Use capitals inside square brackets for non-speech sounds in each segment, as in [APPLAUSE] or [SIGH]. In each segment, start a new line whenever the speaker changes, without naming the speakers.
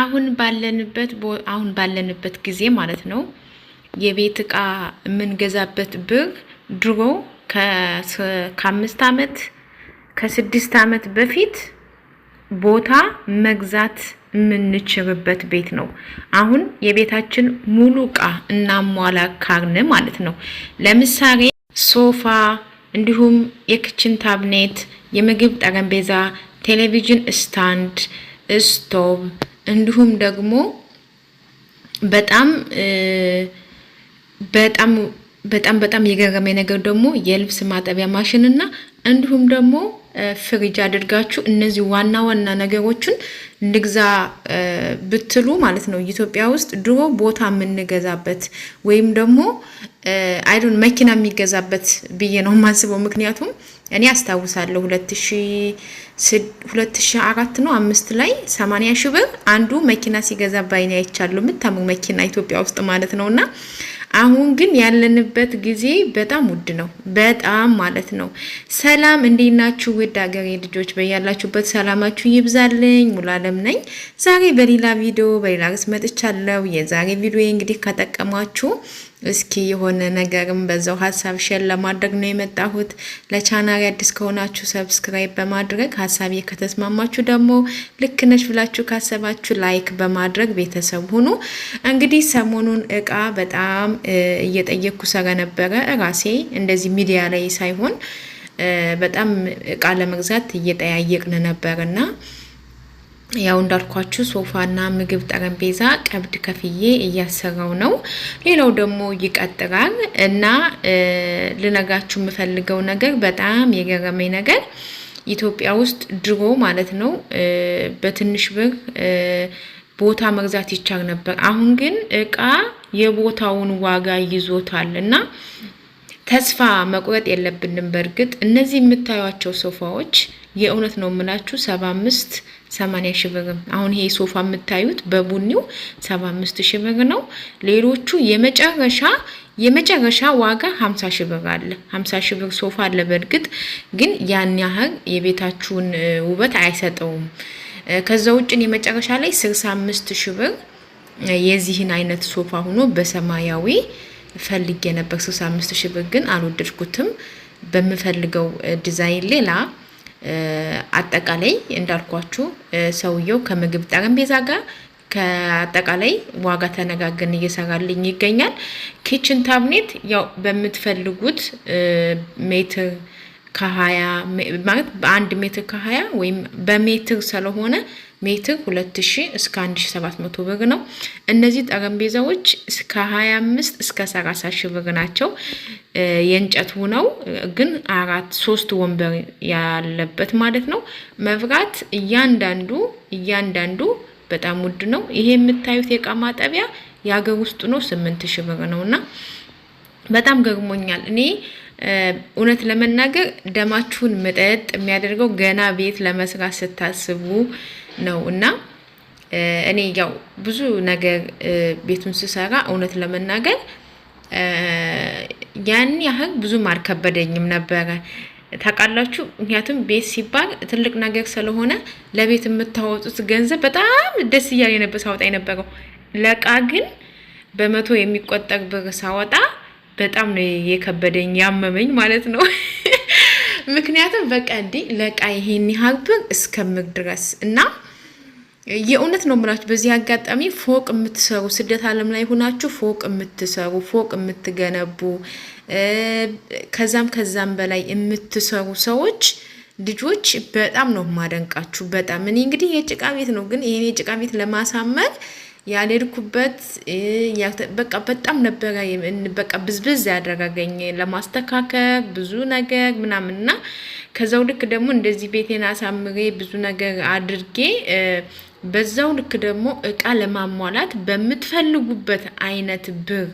አሁን ባለንበት አሁን ባለንበት ጊዜ ማለት ነው የቤት እቃ የምንገዛበት ብር ድሮ ከአምስት ዓመት ከስድስት አመት በፊት ቦታ መግዛት የምንችልበት ቤት ነው። አሁን የቤታችን ሙሉ እቃ እናሟላ ካርን ማለት ነው። ለምሳሌ ሶፋ፣ እንዲሁም የክችን ታብኔት፣ የምግብ ጠረጴዛ፣ ቴሌቪዥን ስታንድ፣ ስቶቭ እንዲሁም ደግሞ በጣም በጣም በጣም በጣም የገረመኝ ነገር ደግሞ የልብስ ማጠቢያ ማሽን እና እንዲሁም ደግሞ ፍሪጅ አድርጋችሁ እነዚህ ዋና ዋና ነገሮችን ልግዛ ብትሉ ማለት ነው። ኢትዮጵያ ውስጥ ድሮ ቦታ የምንገዛበት ወይም ደግሞ አይዶን መኪና የሚገዛበት ብዬ ነው የማስበው። ምክንያቱም እኔ አስታውሳለሁ ሁለት ሺ አራት ነው አምስት ላይ ሰማንያ ሺ ብር አንዱ መኪና ሲገዛ ባይኔ አይቻለሁ። የምታምር መኪና ኢትዮጵያ ውስጥ ማለት ነው እና አሁን ግን ያለንበት ጊዜ በጣም ውድ ነው፣ በጣም ማለት ነው። ሰላም እንዴት ናችሁ? ውድ ሀገሬ ልጆች በያላችሁበት ሰላማችሁ ይብዛልኝ። ሙሉዓለም ነኝ። ዛሬ በሌላ ቪዲዮ በሌላ ርዕስ መጥቻለሁ። የዛሬ ቪዲዮ እንግዲህ ከጠቀማችሁ እስኪ የሆነ ነገርም በዛው ሀሳብ ሼር ለማድረግ ነው የመጣሁት። ለቻናል አዲስ ከሆናችሁ ሰብስክራይብ በማድረግ ሀሳቤ ከተስማማችሁ ደግሞ ልክ ነች ብላችሁ ካሰባችሁ ላይክ በማድረግ ቤተሰብ ሁኑ። እንግዲህ ሰሞኑን እቃ በጣም እየጠየቅኩ ስለነበረ ራሴ እንደዚህ ሚዲያ ላይ ሳይሆን በጣም እቃ ለመግዛት እየጠያየቅን ነበርና ያው እንዳልኳችሁ ሶፋና ምግብ ጠረጴዛ ቀብድ ከፍዬ እያሰራው ነው። ሌላው ደግሞ ይቀጥራል እና ልነጋችሁ የምፈልገው ነገር በጣም የገረመኝ ነገር ኢትዮጵያ ውስጥ ድሮ ማለት ነው በትንሽ ብር ቦታ መግዛት ይቻል ነበር። አሁን ግን እቃ የቦታውን ዋጋ ይዞታል እና ተስፋ መቁረጥ የለብንም። በእርግጥ እነዚህ የምታዩቸው ሶፋዎች የእውነት ነው የምላችሁ ሰባ አምስት ሰማንያ ሺህ ብር። አሁን ይሄ ሶፋ የምታዩት በቡኒው ሰባ አምስት ሺህ ብር ነው። ሌሎቹ የመጨረሻ የመጨረሻ ዋጋ 50 ሺህ ብር አለ። 50 ሺህ ብር ሶፋ አለ። በእርግጥ ግን ያን ያህል የቤታችሁን ውበት አይሰጠውም። ከዛ ውጭን የመጨረሻ ላይ 65 ሺህ ብር የዚህን አይነት ሶፋ ሆኖ በሰማያዊ ፈልጌ ነበር። 65 ሺህ ብር ግን አልወደድኩትም። በምፈልገው ዲዛይን ሌላ አጠቃላይ እንዳልኳችሁ ሰውየው ከምግብ ጠረጴዛ ጋር ከአጠቃላይ ዋጋ ተነጋግን እየሰራልኝ ይገኛል። ኪችን ታብኔት ያው በምትፈልጉት ሜትር ከሀያ ማለት በአንድ ሜትር ከሀያ ወይም በሜትር ስለሆነ ሜትር 2000 እስከ 1700 ብር ነው። እነዚህ ጠረጴዛዎች እስከ 25 እስከ 30 ሺህ ብር ናቸው። የእንጨት ሆነው ግን አራት ሶስት ወንበር ያለበት ማለት ነው። መብራት እያንዳንዱ እያንዳንዱ በጣም ውድ ነው። ይሄ የምታዩት የእቃ ማጠቢያ የሀገር ውስጥ ነው፣ 8000 ብር ነውና በጣም ገርሞኛል እኔ እውነት ለመናገር ደማችሁን መጠጥ የሚያደርገው ገና ቤት ለመስራት ስታስቡ ነው እና እኔ ያው ብዙ ነገር ቤቱን ስሰራ እውነት ለመናገር ያን ያህል ብዙም አልከበደኝም ነበረ። ታውቃላችሁ፣ ምክንያቱም ቤት ሲባል ትልቅ ነገር ስለሆነ ለቤት የምታወጡት ገንዘብ በጣም ደስ እያለ ነበር ሳወጣ የነበረው። ለቃ ግን በመቶ የሚቆጠር ብር ሳወጣ በጣም ነው የከበደኝ ያመመኝ ማለት ነው። [LAUGHS] ምክንያቱም በቃ እንዴ ለቃ ይሄን ያህል እስከምግ ድረስ እና የእውነት ነው ምላችሁ። በዚህ አጋጣሚ ፎቅ የምትሰሩ ስደት ዓለም ላይ ሆናችሁ ፎቅ የምትሰሩ ፎቅ የምትገነቡ ከዛም ከዛም በላይ የምትሰሩ ሰዎች ልጆች በጣም ነው የማደንቃችሁ። በጣም እኔ እንግዲህ የጭቃ ቤት ነው፣ ግን ይህን የጭቃ ቤት ለማሳመር ያልሄድኩበት በቃ በጣም ነበረ በቃ ብዝብዝ ያደረገኝ ለማስተካከል ብዙ ነገር ምናምን እና ከዛው ልክ ደግሞ እንደዚህ ቤቴን አሳምሬ ብዙ ነገር አድርጌ በዛው ልክ ደግሞ እቃ ለማሟላት በምትፈልጉበት አይነት ብር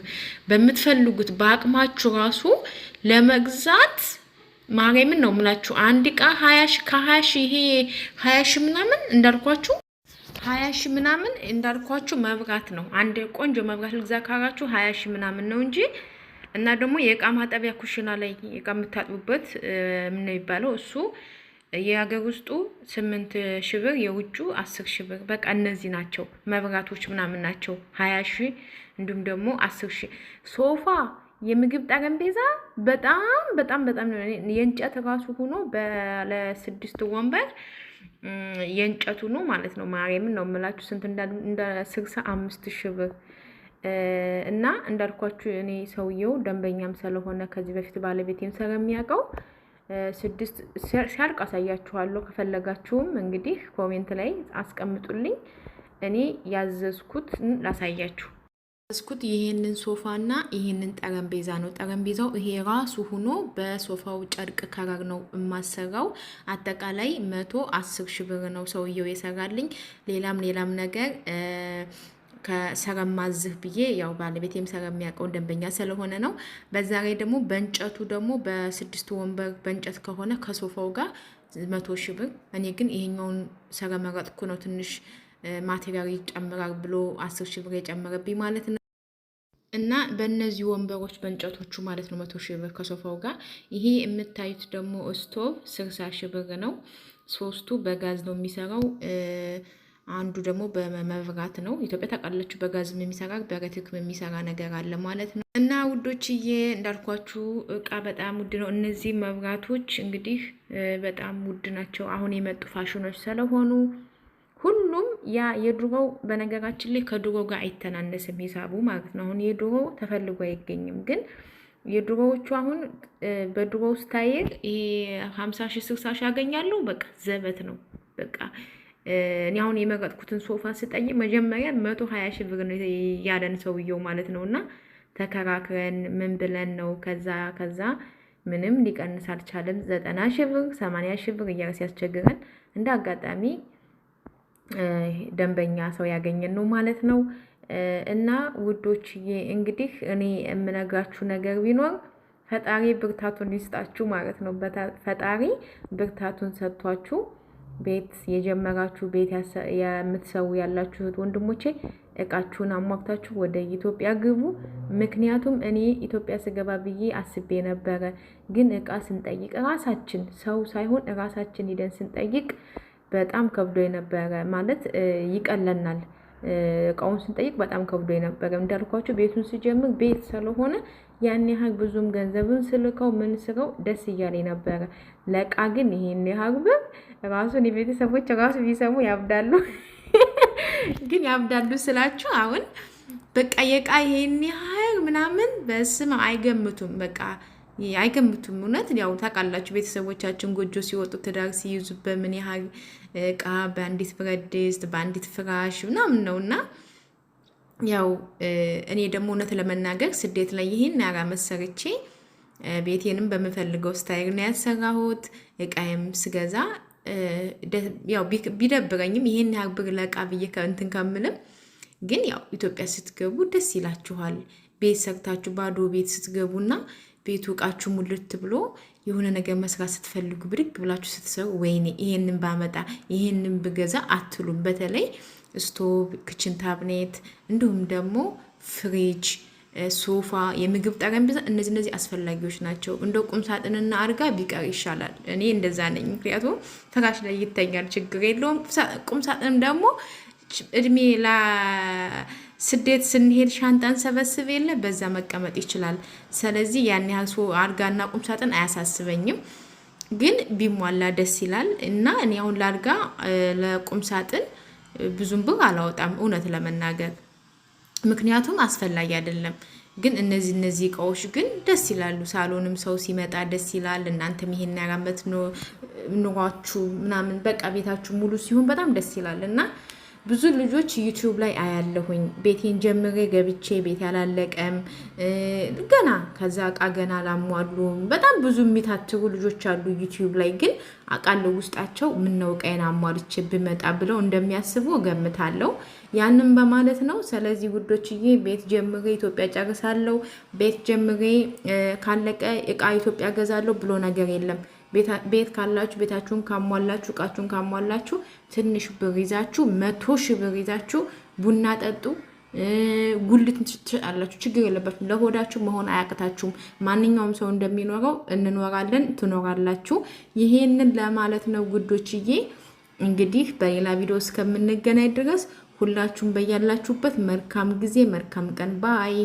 በምትፈልጉት በአቅማችሁ ራሱ ለመግዛት ማርያምን ነው የምላችሁ። አንድ እቃ ሀያ ሺ ከሀያ ሺ ይሄ ሀያ ሺ ምናምን እንዳልኳችሁ ሀያ ሺ ምናምን እንዳልኳችሁ መብራት ነው። አንድ ቆንጆ መብራት ልግዛ ካላችሁ ሀያ ሺ ምናምን ነው እንጂ እና ደግሞ የእቃ ማጠቢያ ኩሽና ላይ እቃ የምታጥቡበት ምነው የሚባለው እሱ የሀገር ውስጡ ስምንት ሺ ብር የውጩ አስር ሺ ብር በቃ እነዚህ ናቸው መብራቶች ምናምን ናቸው ሀያ ሺ እንዲሁም ደግሞ አስር ሺ ሶፋ የምግብ ጠረጴዛ በጣም በጣም በጣም የእንጨት ራሱ ሆኖ ባለ ወንበር የእንጨቱ ነው ማለት ነው። ማርያምን ነው የምላችሁ ስንት እንደ ስልሳ አምስት ሺህ ብር እና እንዳልኳችሁ እኔ ሰውየው ደንበኛም ስለሆነ ከዚህ በፊት ባለቤቴም ስለሚያውቀው ስድስት ሲያልቅ አሳያችኋለሁ። ከፈለጋችሁም እንግዲህ ኮሜንት ላይ አስቀምጡልኝ እኔ ያዘዝኩት ላሳያችሁ። ስኩት ይሄንን ሶፋና ይሄንን ጠረጴዛ ነው። ጠረጴዛው ይሄ ራሱ ሆኖ በሶፋው ጨርቅ ከረር ነው የማሰራው። አጠቃላይ መቶ አስር ሺ ብር ነው ሰውየው የሰራልኝ። ሌላም ሌላም ነገር ከሰረማዝህ ብዬ ያው ባለቤቴም የሚያውቀውን ደንበኛ ስለሆነ ነው። በዛ ላይ ደግሞ በእንጨቱ ደግሞ በስድስት ወንበር በእንጨት ከሆነ ከሶፋው ጋር መቶ ሺ ብር። እኔ ግን ይሄኛውን ሰረመረጥኩ ነው ትንሽ ማቴሪያል ይጨምራል ብሎ አስር ሺ ብር የጨመረብኝ ማለት ነው። እና በእነዚህ ወንበሮች በእንጨቶቹ ማለት ነው መቶ ሺህ ብር ከሶፋው ጋር። ይሄ የምታዩት ደግሞ ስቶቭ ስልሳ ሺህ ብር ነው። ሶስቱ በጋዝ ነው የሚሰራው። አንዱ ደግሞ በመብራት ነው። ኢትዮጵያ ታውቃላችሁ፣ በጋዝም የሚሰራ በኤሌክትሪክም የሚሰራ ነገር አለ ማለት ነው። እና ውዶችዬ እንዳልኳችሁ እቃ በጣም ውድ ነው። እነዚህ መብራቶች እንግዲህ በጣም ውድ ናቸው። አሁን የመጡ ፋሽኖች ስለሆኑ ሁሉም ያ የድሮው በነገራችን ላይ ከድሮ ጋር አይተናነስም ሂሳቡ ማለት ነው። አሁን የድሮ ተፈልጎ አይገኝም፣ ግን የድሮዎቹ አሁን በድሮ ስታይል ይሄ ሀምሳ ሺህ ስልሳ ያገኛሉ። በቃ ዘበት ነው በቃ እኔ አሁን የመረጥኩትን ሶፋ ስጠይቅ መጀመሪያ መቶ ሀያ ሺህ ብር ነው ያለን ሰውየው ማለት ነው። እና ተከራክረን ምን ብለን ነው ከዛ ከዛ ምንም ሊቀንስ አልቻለም። ዘጠና ሺህ ብር ሰማንያ ሺህ ብር እያለ ሲያስቸግረን እንደ አጋጣሚ ደንበኛ ሰው ያገኘን ነው ማለት ነው። እና ውዶችዬ እንግዲህ እኔ የምነግራችሁ ነገር ቢኖር ፈጣሪ ብርታቱን ይስጣችሁ ማለት ነው። ፈጣሪ ብርታቱን ሰጥቷችሁ ቤት የጀመራችሁ ቤት የምትሰሩ ያላችሁት ወንድሞቼ እቃችሁን አሟግታችሁ ወደ ኢትዮጵያ ግቡ። ምክንያቱም እኔ ኢትዮጵያ ስገባ ብዬ አስቤ ነበረ። ግን እቃ ስንጠይቅ ራሳችን ሰው ሳይሆን ራሳችን ሂደን ስንጠይቅ በጣም ከብዶ የነበረ ማለት ይቀለናል። እቃውን ስንጠይቅ በጣም ከብዶ የነበረ እንዳልኳቸው ቤቱን ስጀምር ቤት ስለሆነ ያን ያህል ብዙም ገንዘብን ስልከው ምን ስረው ደስ እያለ ነበረ። ለቃ ግን ይሄን ያህል ብር ራሱን የቤተሰቦች ራሱ ቢሰሙ ያብዳሉ። [LAUGHS] ግን ያብዳሉ ስላችሁ አሁን በቃ የቃ ይሄን ያህል ምናምን በስም አይገምቱም በቃ አይገምቱም። እውነት ያው ታውቃላችሁ፣ ቤተሰቦቻችን ጎጆ ሲወጡ ትዳር ሲይዙ በምን ያህል እቃ፣ በአንዲት ብረት ድስት፣ በአንዲት ፍራሽ ምናምን ነው እና ያው እኔ ደግሞ እውነት ለመናገር ስደት ላይ ይህን ያራ መሰርቼ ቤቴንም በምፈልገው ስታይል ነው ያሰራሁት። እቃይም ስገዛ ያው ቢደብረኝም ይሄን ያህል ብር ለእቃ ብዬ እንትን ከምልም ግን ያው ኢትዮጵያ ስትገቡ ደስ ይላችኋል። ቤት ሰርታችሁ ባዶ ቤት ስትገቡና ቤቱ እቃችሁ ሙልት ብሎ የሆነ ነገር መስራት ስትፈልጉ ብድግ ብላችሁ ስትሰሩ ወይኔ ይሄንን ባመጣ ይሄንን ብገዛ አትሉም። በተለይ ስቶቭ፣ ክችን ታብኔት እንዲሁም ደግሞ ፍሪጅ፣ ሶፋ፣ የምግብ ጠረጴዛ እነዚህ እነዚህ አስፈላጊዎች ናቸው። እንደ ቁም ሳጥንና አልጋ ቢቀር ይሻላል። እኔ እንደዛ ነኝ። ምክንያቱም ፍራሽ ላይ ይተኛል፣ ችግር የለውም። ቁም ሳጥንም ደግሞ እድሜ ስደት ስንሄድ ሻንጣን ሰበስብ የለ በዛ መቀመጥ ይችላል። ስለዚህ ያን ያህል አልጋና ቁምሳጥን አያሳስበኝም፣ ግን ቢሟላ ደስ ይላል እና እኔ አሁን ለቁም ለቁምሳጥን ብዙም ብር አላወጣም እውነት ለመናገር ምክንያቱም አስፈላጊ አይደለም። ግን እነዚህ እነዚህ እቃዎች ግን ደስ ይላሉ። ሳሎንም ሰው ሲመጣ ደስ ይላል። እናንተም ይሄን ያራመት ኑሯችሁ ምናምን በቃ ቤታችሁ ሙሉ ሲሆን በጣም ደስ ይላል እና ብዙ ልጆች ዩቲዩብ ላይ አያለሁኝ። ቤቴን ጀምሬ ገብቼ ቤት ያላለቀም ገና ከዛ እቃ ገና ላሟሉም በጣም ብዙ የሚታትሩ ልጆች አሉ ዩቲዩብ ላይ ግን አቃለው ውስጣቸው ምነው እቃዬን አሟልቼ ብመጣ ብለው እንደሚያስቡ እገምታለሁ። ያንም በማለት ነው። ስለዚህ ውዶችዬ ቤት ጀምሬ ኢትዮጵያ ጨርሳለሁ፣ ቤት ጀምሬ ካለቀ እቃ ኢትዮጵያ ገዛለሁ ብሎ ነገር የለም። ቤት ካላችሁ ቤታችሁን ካሟላችሁ እቃችሁን ካሟላችሁ ትንሽ ብር ይዛችሁ መቶ ሺህ ብር ይዛችሁ ቡና ጠጡ፣ ጉልት ትሸጣላችሁ። ችግር የለባችሁ። ለሆዳችሁ መሆን አያቅታችሁም። ማንኛውም ሰው እንደሚኖረው እንኖራለን፣ ትኖራላችሁ። ይሄንን ለማለት ነው ጉዶችዬ። እንግዲህ በሌላ ቪዲዮ እስከምንገናኝ ድረስ ሁላችሁም በያላችሁበት መልካም ጊዜ መልካም ቀን ባይ